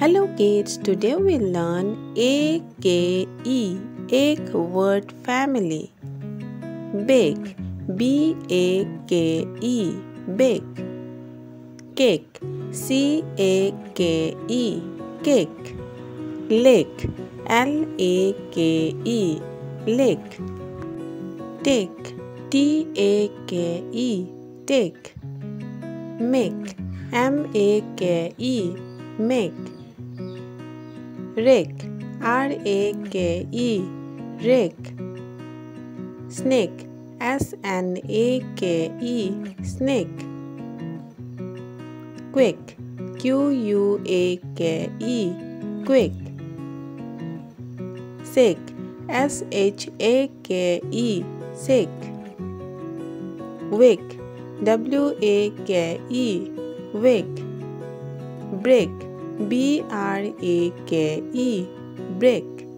Hello kids, today we learn AKE, egg word family. Bake, B A K E, bake. Cake, C A K E, cake. Lake, L A K E, lake. Take, T A K E, take. Make, M A K E, make rake r a k e rake snake s n a k e snake Quick, q u a k e quick. shake s h a k e shake wake w a k e wake break B R A K E break